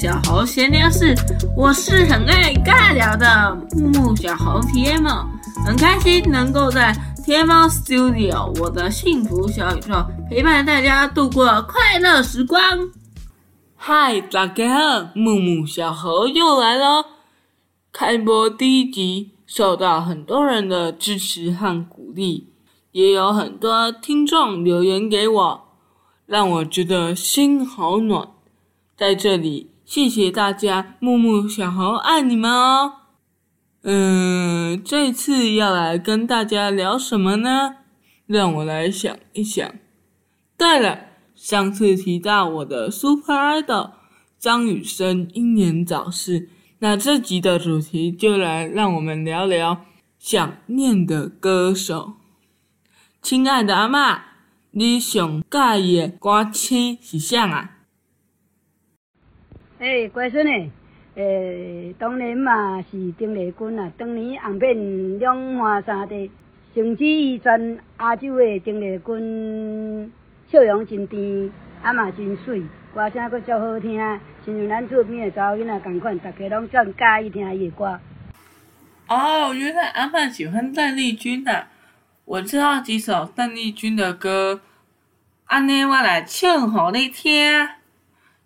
小猴閒聊室，我是很愛尬聊的木木小猴 T.M，很開心能夠在天貓 Studio 我的幸福小宇宙陪伴大家度過快樂時光。嗨，大家好，木木小猴又來嘍！開播第一集受到很多人的支持和鼓勵，也有很多聽眾留言給我，讓我覺得心好暖，在這裡。謝謝大家，沐沐小猴愛你們哦。嗯，這次要來跟大家聊什麼呢？讓我來想一想。對了，上次提到我的 Super Idol 張雨生英年早逝，那這集的主題就來讓我們聊聊想念的歌手。親愛的阿嬤，你想喜也的歌星是啥啊？誒、欸，乖孫誒，誒、欸，當年嘛是鄧麗君啊，當年紅遍兩岸三地，承繼伊傳亞洲誒鄧麗君笑容真甜，阿嬤真水，歌聲閣足好聽，親像咱厝邊誒，查某囡仔同款，逐家攏真喜歡聽伊歌。哦，原來阿嬤喜歡鄧麗君啊。我知道幾首鄧麗君的歌，安尼我來唱互你聽。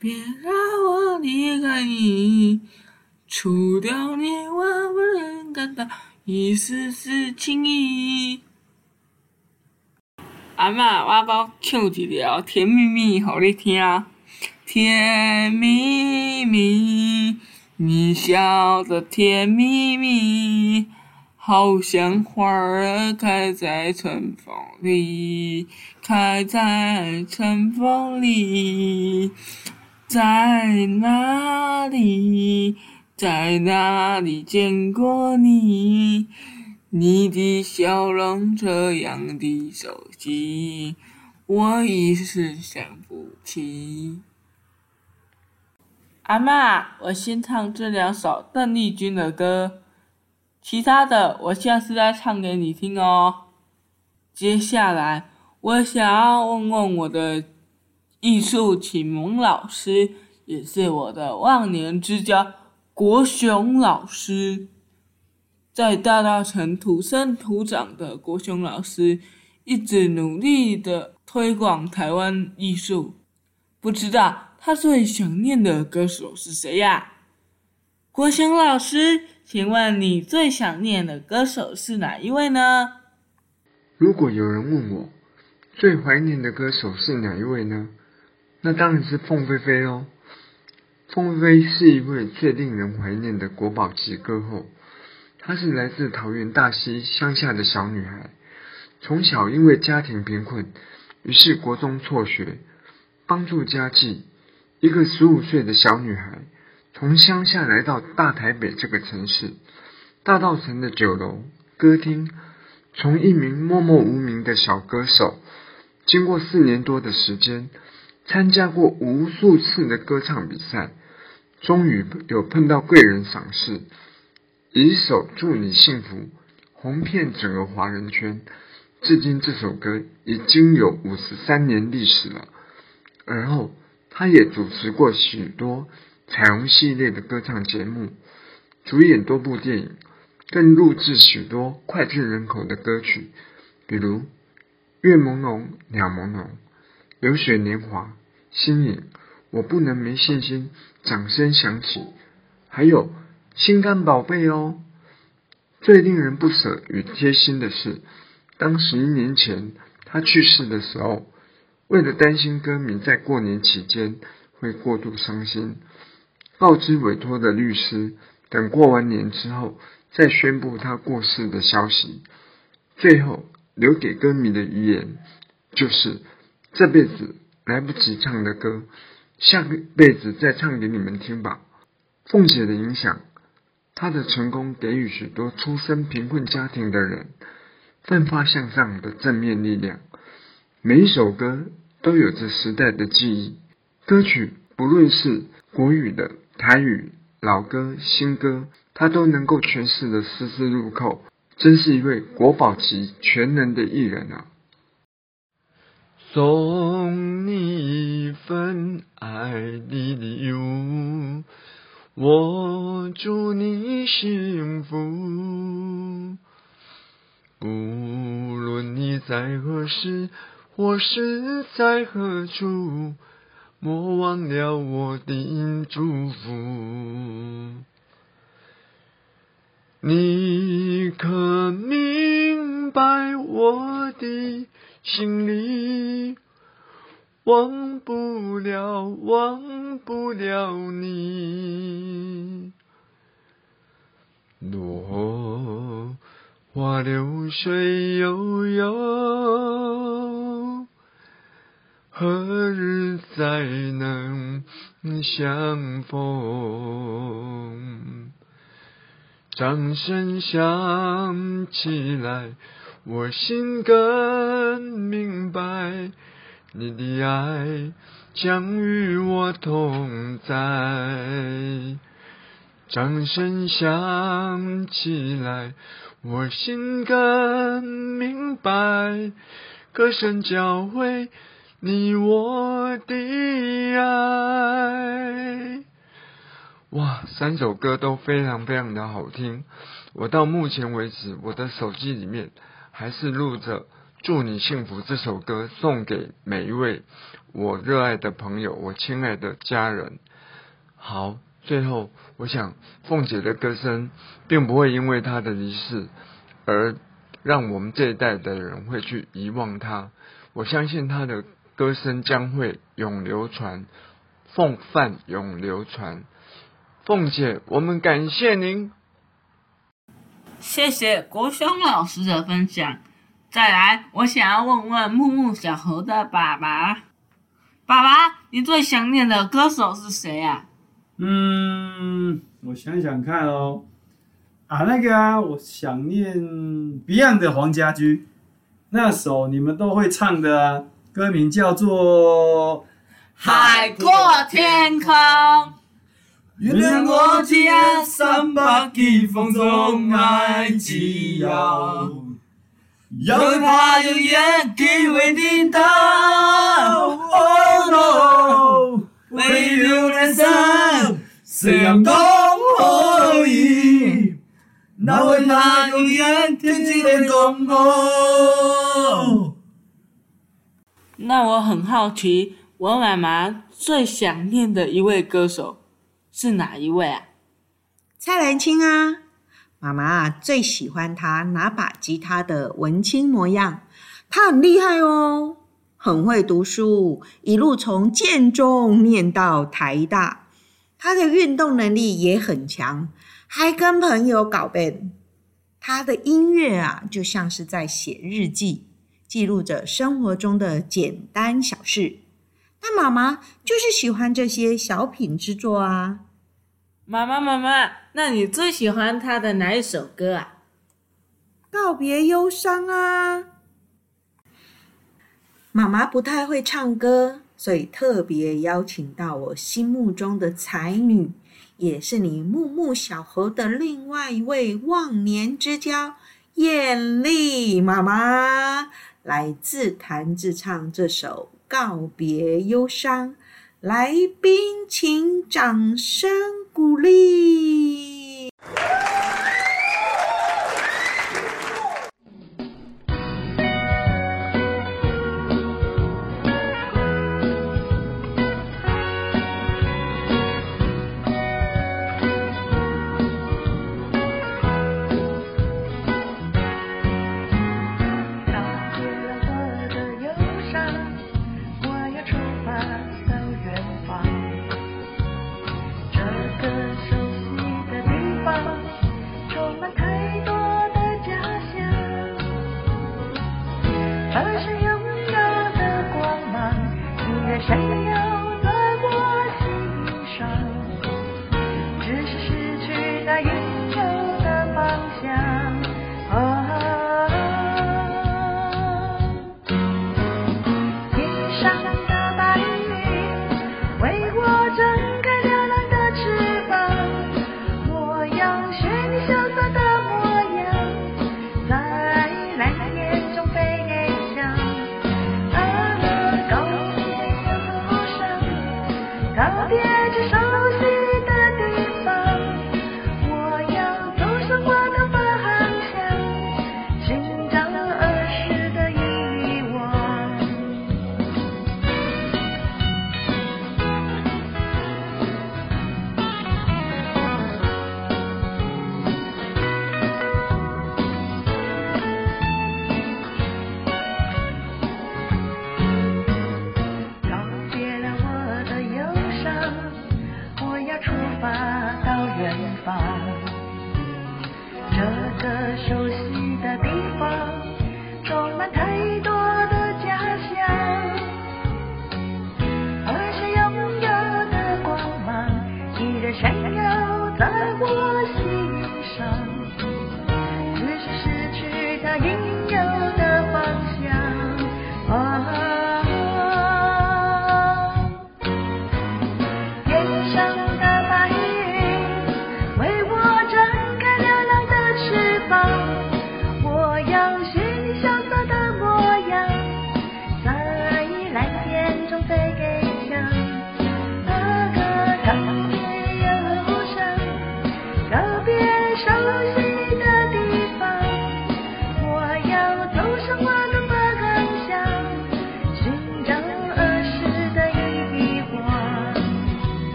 別讓我離開你，除掉你，我不能感到一絲絲情意。阿媽，我包唱一條《甜蜜蜜》給你聽啊，《甜蜜蜜》，你笑得甜蜜蜜，好像花兒開在春風裡，開在春風裡。在哪裡，在哪裡見過你？你的笑容這樣的熟悉，我一時想不起。阿嬤，我先唱這兩首鄧麗君的歌，其他的我下次再唱給你聽哦。接下來，我想要問問我的。藝術啟蒙老師也是我的忘年之交，國雄老師。在大稻埕土生土長的國雄老師，一直努力的推廣台灣藝術，不知道他最想念的歌手是誰呀？啊？國雄老師，請問你最想念的歌手是哪一位呢？如果有人問我，最懷念的歌手是哪一位呢？那當然是鳳飛飛嘍、哦。鳳飛飛是一位最令人懷念的國寶級歌後。她是來自桃園大溪鄉下的小女孩，從小因為家庭貧困，於是國中輟學，幫助家計。一個十五歲的小女孩，從鄉下來到大台北這個城市，大稻埕的酒樓歌廳，從一名默默無名的小歌手，經過四年多的時間。參加過無數次的歌唱比賽，終於有碰到貴人賞識，以一首《祝你幸福》紅遍整個華人圈。至今這首歌已經有五十三年歷史了。而後，他也主持過許多彩虹系列的歌唱節目，主演多部電影，更錄製許多膾炙人口的歌曲，比如《月朦朧鳥朦朧》。流水年華、新穎、我不能沒信心、掌聲響起，還有心肝寶貝哦。最令人不捨與貼心的是，當十一年前他去世的時候，為了擔心歌迷在過年期間會過度傷心，告知委託的律師，等過完年之後再宣布他過世的消息。最後留給歌迷的遺言就是，這輩子來不及唱的歌，下個輩子再唱給你們聽吧。鳳姐的影響，她的成功給予許多出身貧困家庭的人奮發向上的正面力量。每一首歌都有着時代的記憶，歌曲不論是國語的、台語、老歌、新歌，他都能夠詮釋得絲絲入扣，真是一位國寶級全能的藝人啊。送你一份愛的禮物，我祝你幸福。無論你在何時或是在何處，莫忘了我的祝福。你可明白我的？心裡忘不了，忘不了你。落花流水悠悠，何日再能相逢。掌聲響起來。我心更明白，你的愛將與我同在。掌聲響起來，我心更明白，歌聲交會你我的愛。哇，三首歌都非常非常的好聽。我到目前為止，我的手機裡面。還是錄着《祝你幸福》這首歌，送給每一位我熱愛的朋友，我親愛的家人。好，最後我想，鳳姐的歌聲並不會因為她的離世而讓我們這一代的人會去遺忘她。我相信她的歌聲將會永流傳，鳳範永流傳。鳳姐，我們感謝您。謝謝國雄老師的分享。再來，我想要問問沐沐小猴的爸爸，爸爸，你最想念的歌手是誰呀、啊？嗯，我想想看哦。啊，那個啊，我想念 Beyond 的黃家駒，那首你們都會唱的歌名叫做《海闊天空》。原諒我這一生不羈放縱愛自由，也會怕有一天會跌倒、oh no, 背棄了理想誰人都可以，哪會怕有一天只你共我。那我很好奇，我媽媽最想念的一位歌手，是哪一位啊？蔡藍欽啊，媽媽啊，最喜歡他拿把吉他的文青模樣。他很厲害哦，很會讀書，一路從建中念到台大。他的運動能力也很強，還跟朋友搞 band。他的音樂啊，就像是在寫日記，記錄着生活中的簡單小事。但媽媽就是喜歡這些小品之作啊。媽媽，媽媽，那你最喜歡他的哪一首歌啊？《告別憂傷》啊。媽媽不太會唱歌，所以特別邀請到我心目中的才女，也是你沐沐小猴的另外一位忘年之交，艷麗媽媽，來自彈自唱這首《告別憂傷》。來賓，請掌聲。鼓勵。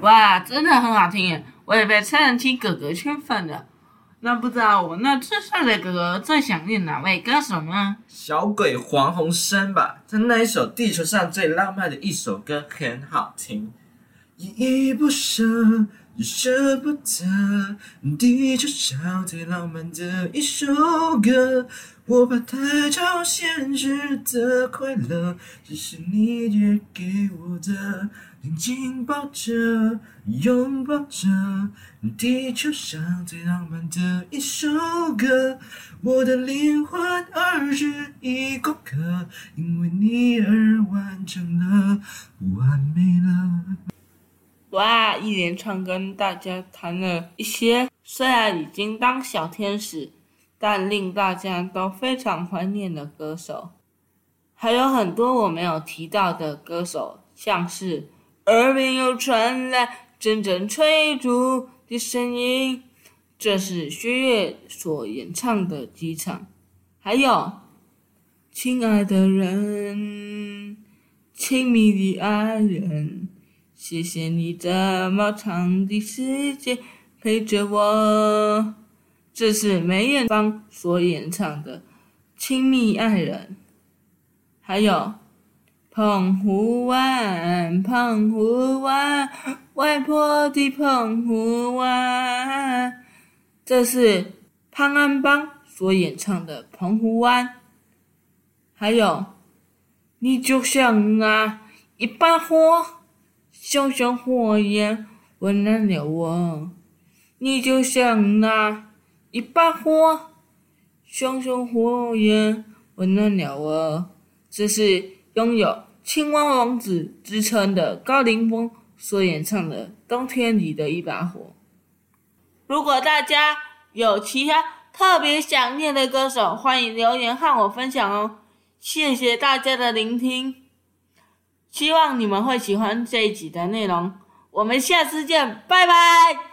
哇，真的很好聽，我也被超人氣哥哥圈粉了。那不知道我那最帥的哥哥最想念哪位歌手呢？小鬼黃鴻升吧，他那一首《地球上最浪漫的一首歌》很好聽，依依不捨。捨不得，地球上最浪漫的一首歌，我怕太超現實的快樂，只是你借給我的，緊緊抱着，擁抱着，地球上最浪漫的一首歌，我的靈魂二十一個過客，因為你而完整了，完美了。哇！一連串跟大家談了一些，雖然已經當小天使，但令大家都非常懷念的歌手，還有很多我沒有提到的歌手，像是耳邊又傳來陣陣催促的聲音，這是薛岳所演唱的機場，還有，親愛的人，親密的愛人。謝謝你這麼長的時間陪着我。這是梅艷芳所演唱的《親密愛人》。還有《澎湖灣》，澎湖灣，外婆的澎湖灣。這是潘安邦所演唱的《澎湖灣》。還有，你就像那一把火。熊熊火焰溫暖了我，你就像那一把火。熊熊火焰溫暖了我，這是擁有“青蛙王子”之稱的高凌風所演唱的《冬天裡的一把火》。如果大家有其他特別想念的歌手，歡迎留言和我分享哦。謝謝大家的聆聽。希望你們會喜歡這一集的內容，我們下次見，拜拜。